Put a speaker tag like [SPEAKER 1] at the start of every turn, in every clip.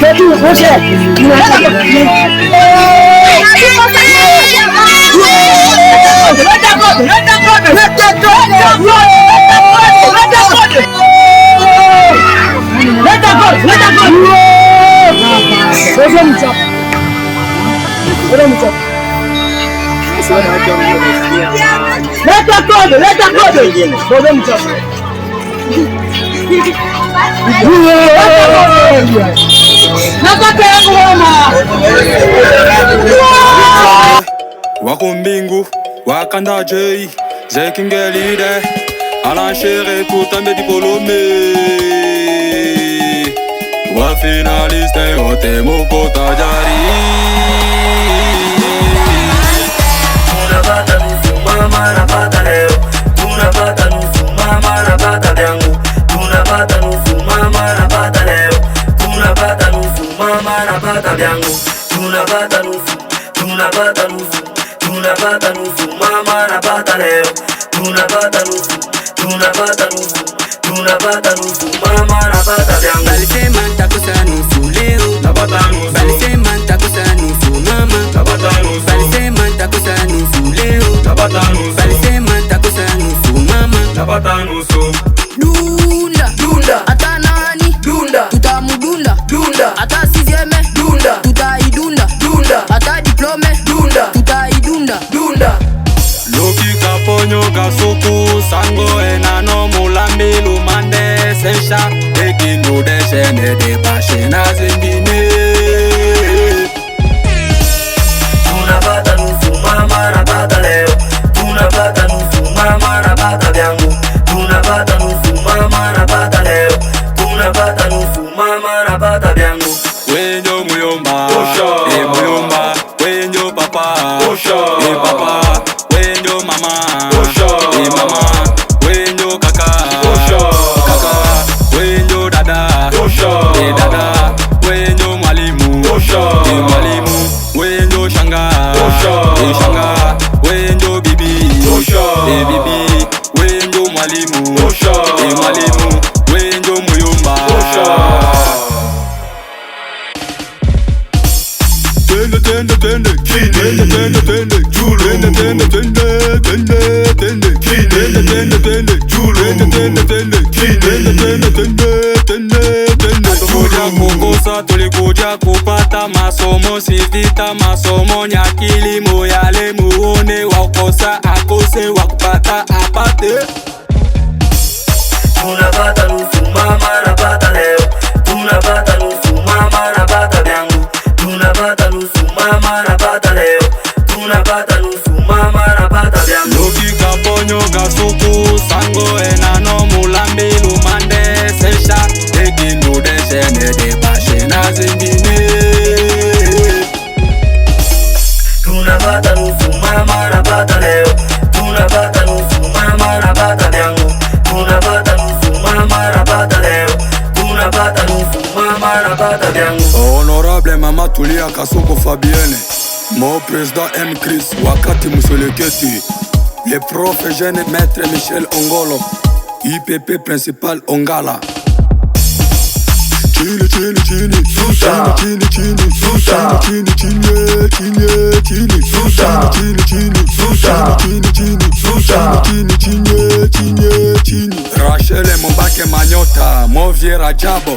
[SPEAKER 1] Meu Deus, você é. Let that go, let that go. Let them jump.
[SPEAKER 2] wako mbingu wakanda jei zekingelide alanshere kutambe dipolome wa finaliste ote mokota jari tunapata nusu mama napata leo tunapata nusu mama napata vyangu mama napata vyangu, tunapata nusu, tunapata nusu, tunapata nusu, mama napata leo, tunapata nusu, tunapata nusu, tunapata nusu, mama napata vyangu. Alisema nusu leo, napata nusu. nusu mama, napata nusu. nusu leo, napata nusu. nusu mama, napata nusu. maisha ikinirudishe nijipashe na zingine. Tunapata nusu mama, napata leo, tunapata nusu mama, napata vyangu, tunapata nusu mama, napata leo, tunapata nusu mama, napata vyangu Twende twende twende twende twende kidini. Twende twende twende julu. Twende twende twende kidini. Twende twende twende kukosa, tulikuja kupata masomo, si masomo. Nyakilimo yale muone, wakosa akose, wakupata apate. Tunapata bana vyangu honorable mama tulia kasoko fabienne mo président m cris wakati musoleketi le profe jeune maître michel ongolo ipp principal ongala chini chini chini susa chini chini susa chini chini chini chini susa chini chini susa chini chini susa chini chini chini chini Rachel Mbake Manyota Movier Ajabo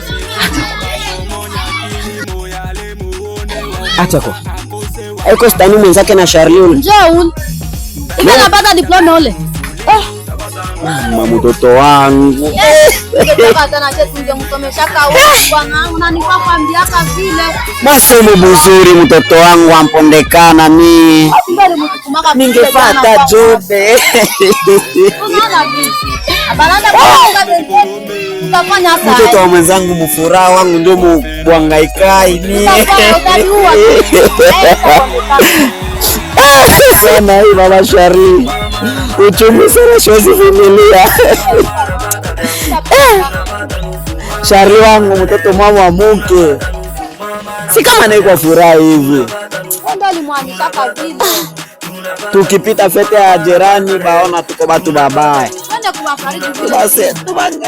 [SPEAKER 1] kwa Aiko stani mwenzake na Sharlune.
[SPEAKER 3] Njoon. Ika napata diploma ole. Eh. Oh.
[SPEAKER 1] Mama mtoto wangu.
[SPEAKER 3] Eh, eh.
[SPEAKER 1] Masemu mzuri mtoto wangu ampondekana mi. Ningefuata jobe mtoto wa mwenzangu mfuraha wangu ndio mubwangaikai ni sana hii mama shari Uchumi sana, siwezi familia. Eh. shari wangu mtoto mama wa mke, si kama naikwa furaha hivi tukipita fete ya jirani baona tuko batu babaye
[SPEAKER 3] Wacha kuwa fariji.
[SPEAKER 1] Basi, tubange.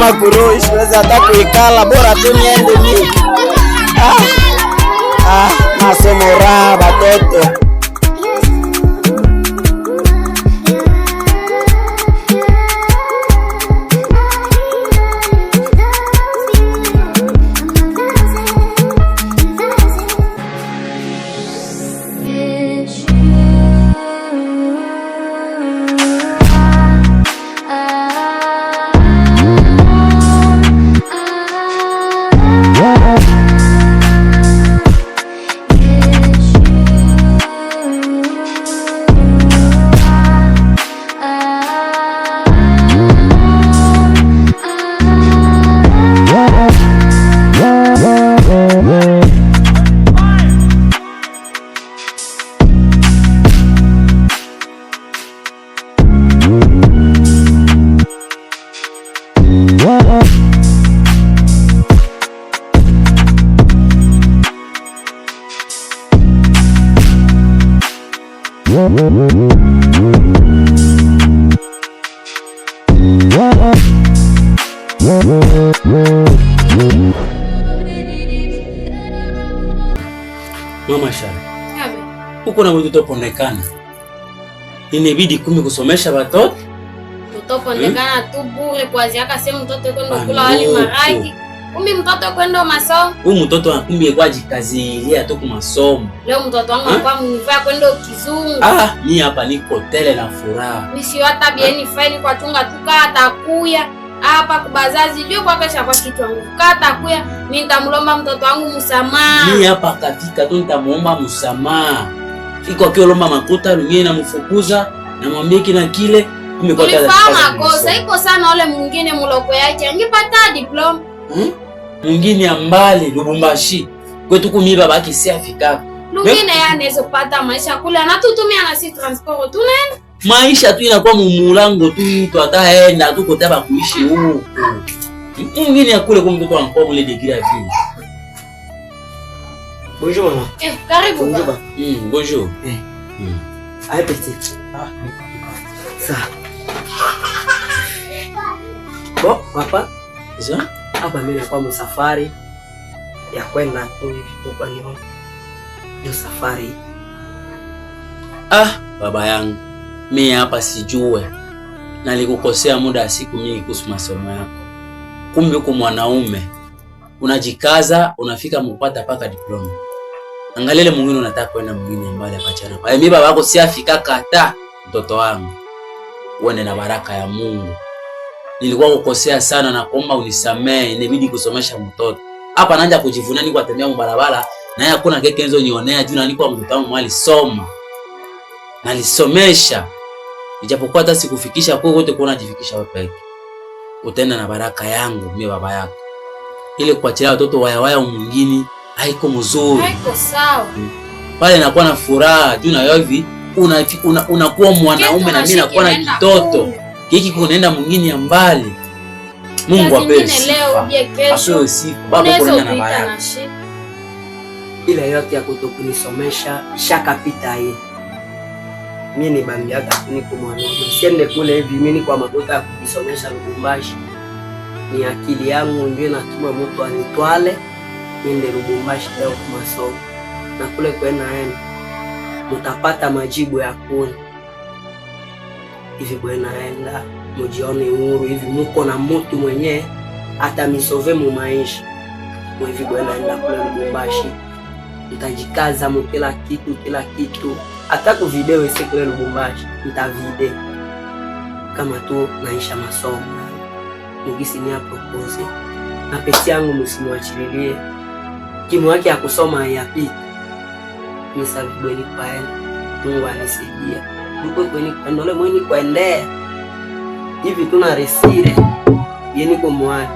[SPEAKER 1] kama kuroi, siwezi hata kuikala, bora tu niende mimi. Ah, ah, masomo raha batoto huko na mtu topondekana, inabidi kumi kusomesha watoto
[SPEAKER 3] topondekana hmm? tu bure kwaziaka semu mtoto kwenda kula wali maragi Umi mtoto kwenda masomo.
[SPEAKER 1] Huyu mtoto anakumbia kwa jikazilia tu kumasomo.
[SPEAKER 3] Leo mtoto wangu hmm? kwa mvua kwenda kizungu.
[SPEAKER 1] Ah, mimi hapa niko tele na furaha.
[SPEAKER 3] Mimi hata bieni faini kwa tunga tuka atakuya. Hapa kubazazi juu kwa kesha kwa kitu wangu. Kata kuya, mimi nitamlomba mtoto wangu msamaha.
[SPEAKER 1] Mimi hapa kafika tu nitamuomba msamaha iko akiwa lomba makuta nyingine namfukuza namwambia kina kile
[SPEAKER 3] makosa iko sana ole mwingine muloko yake angepata diploma hmm?
[SPEAKER 1] mwingine ya mbali Lubumbashi kwetu kumiba baki si afika
[SPEAKER 3] mwingine hmm? yeye anaweza kupata maisha kule anatutumia na si transport tunaenda
[SPEAKER 1] maisha tu inakuwa mumulango tu mtu ataenda tu kotaba kuishi huko hmm. Hmm? mwingine ya kule kumbe kwa mkomo ile degree Bonjour maman. Eh, karibu. Bonjour Mm, bonjour. Eh. Mm. Allez petit. Ah. Ça. Bon, papa. Je? Hapa mimi nakuwa msafari ya kwenda kule Ubaniho. Le safari. Ah, baba yangu. Mimi hapa sijue. Nalikukosea muda wa siku mingi kuhusu masomo yako. Kumbe uko mwanaume unajikaza unafika mupata paka diploma. Angalia ile mwingine unataka kwenda mwingine mbali apachana. Kwa mimi baba yako siafika kata mtoto wangu. Uone na baraka ya Mungu. Nilikuwa kukosea sana na kuomba unisamee, inabidi kusomesha mtoto. Hapa naanza kujivunia niko atembea mbarabara na yeye hakuna keke hizo nionea juu na niko mtoto wangu mali soma. Nalisomesha. Ijapokuwa hata sikufikisha kwa wote kuona jifikisha wewe peke. Utaenda na baraka yangu mimi baba yako. Ile kuachilia watoto wayawaya mwingine haiko mzuri,
[SPEAKER 3] haiko sawa
[SPEAKER 1] pale, nakuwa na furaha juu na hivi unakuwa una, una mwanaume na mimi nakuwa na kitoto kiki kunaenda mwingine ya mbali. Mungu apewe ah, sifa ile yote ya kutokunisomesha shaka pita hii. Mimi ni bambi hata kunikumwona. Siende kule hivi mimi kwa magota ya kunisomesha Lubumbashi. Ni akili yangu ndio natuma mtu anitwale niende Lubumbashi leo kwa na kule kwenaenda mutapata majibu ya kuni hivi bwenaenda mujione huru hivi muko na mutu mwenye hata misove mu maisha hivi bwenaenda kule Lubumbashi mtajikaza mu kila kitu kila kitu, hata ku video ise kule Lubumbashi mtavide kama tu naisha masomo mugisi ni apropose na pesi yangu, msimuachililie Hakimu yake ya kusoma Ni sababu yapita kwa yeye? Mungu anisaidia duko kweni kwendole mweni kuendea. hivi tuna resire yeni komwani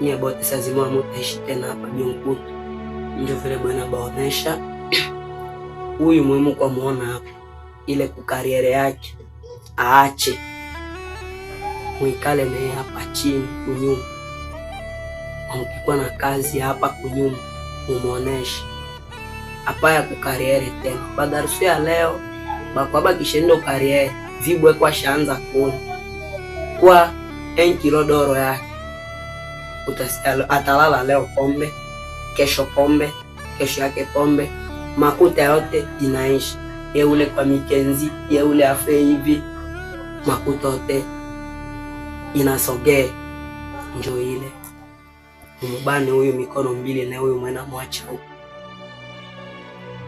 [SPEAKER 1] nye bote sazima mutaishi tena hapa Byunkutu, ndio vile bwana baonesha huyu muhimu kwa muona hapa ile kukariere yake aache mwikale naye hapa chini kunyuma amkikwa na kazi hapa kunyuma, hapa apaya kukariere tena badarusu ya leo bakwaba kishenda kariere vibwe kwa shaanza kula kwa enkilodoro yake atalala leo pombe, kesho pombe, kesho yake pombe, makuta yote inaisha. Yeule kwa mikenzi yeule afe hivi, makuta yote inasogee njo ile Mbane huyu mikono mbili na huyu mwana mwacha huko,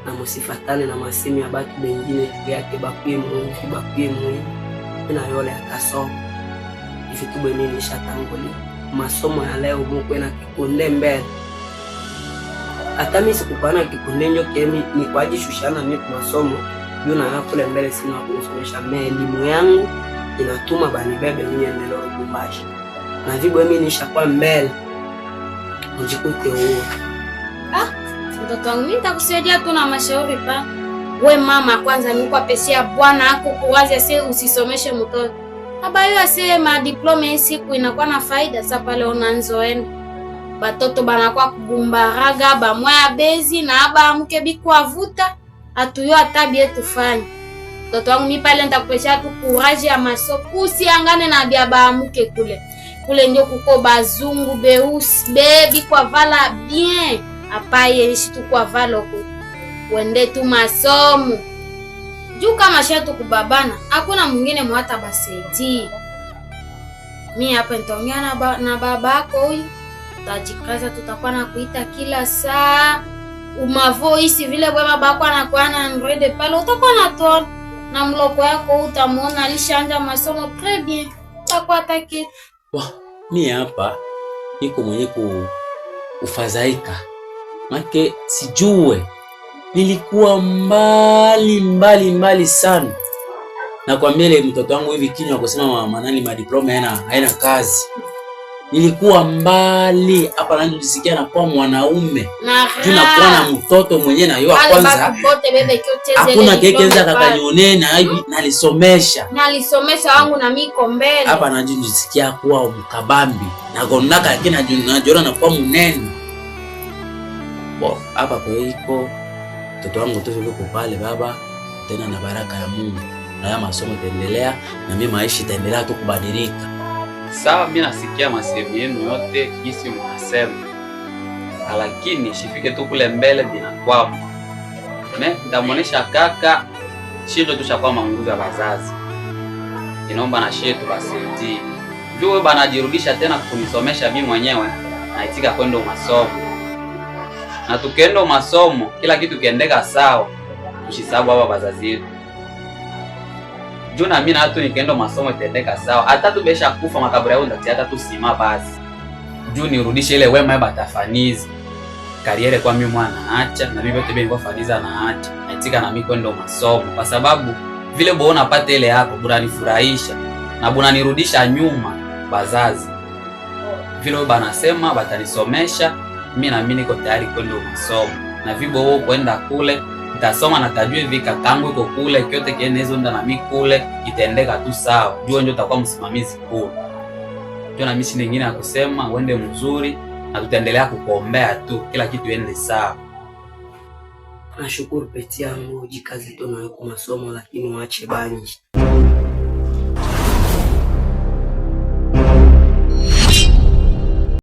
[SPEAKER 1] na musifatane na masemi ya batu bengine tu yake bakwemu bakwemu na yole atasoma ifitube mimi nishatanguli masomo ya leo mukwena kikunde mbele. Hata mimi sikupana kikunde nyo kemi ni kwaji shushana mimi kwa masomo yuna na yakule mbele, sina kusomisha mimi elimu yangu inatuma banibebe mimi endeleo kubashi na vibwe mimi nishakuwa mbele ujikute huo.
[SPEAKER 3] Ah, mtoto wangu mimi nitakusaidia tu na mashauri pa. We mama kwanza nikuwa pesa ya bwana ako kuwazi asi usisomeshe mtoto. Aba hiyo asi ma diploma hii siku inakuwa na faida sasa pale unanzoenda. Batoto banakuwa kugumbaraga bamwaya bezi na aba mke bikuavuta atuyo atabi etufanye. Mtoto wangu mimi pale nitakupesha tu kuraji ya maso Usiangane na bia baamuke kule kule ndio kuko bazungu beusi bebi kwa vala bien apa yeishi tu kwa vala ku wende tu masomo juu kama shetu kubabana hakuna mwingine mwata baseti. Mi hapa nitaongea na, ba, na babako huyu tajikaza, tutakuwa na kuita kila saa isi vile bwe babako anakuwa na ndrede pale, utakuwa natona na mloko yako, utamwona alishanja masomo très bien, utakuwa Wah,
[SPEAKER 1] mie hapa niko mwenye ku ufadhaika, make sijue nilikuwa mbali mbali mbali sana. Nakwambia ile mtoto wangu hivi kinywa kusema manani madiploma haina kazi nilikuwa mbali hapa na nilisikia na kwa mwanaume juu na kwa na mtoto mwenye na yeye kwanza, hakuna kekeza kakanyone na hivi nalisomesha
[SPEAKER 3] nalisomesha wangu na miko mbele
[SPEAKER 1] hapa na juu nilisikia kuwa mkabambi na gonaka kina najora na kwa munene bo hapa kwa hiko mtoto wangu tu yuko pale baba, tena na baraka ya Mungu na ya masomo itaendelea na mimi maishi itaendelea tu kubadilika. Sawa, mimi nasikia masehemu yenu yote jinsi mnasema, ah, lakini shifike tu kule mbele binakwama me ntamwonesha kaka shindo tushakuwa manguvu ya bazazi, inaomba na shetu basitii juu banajirudisha tena kunisomesha mimi mwenyewe, naitika kwenda masomo na tukienda masomo kila kitu kiendeka sawa, tushisabu hapa bazazi yetu juu na mimi na hatu nikaenda masomo itendeka sawa, hata tubesha kufa makaburi yao ndati hata tusima basi juu nirudishe ile wema ya batafanizi kariere kwa mimi mwana acha na mimi yote bengwa faniza na acha naitika na mimi kwenda masomo, kwa sababu vile boona pate ile yako bunanifurahisha na buna nirudisha nyuma bazazi vile banasema batanisomesha mimi, na mimi niko tayari kwenda masomo na vibo wao kwenda kule tasoma na tajue hivi kakangu iko kule kyote kiene hizo nda mimi kule itaendeka tu sawa, jua ndio utakuwa msimamizi kule ndio na mimi nyingine ya kusema uende mzuri, na tutaendelea kukuombea tu kila kitu iende sawa. Nashukuru peti yangu, jikazi tu na masomo, lakini waache banji.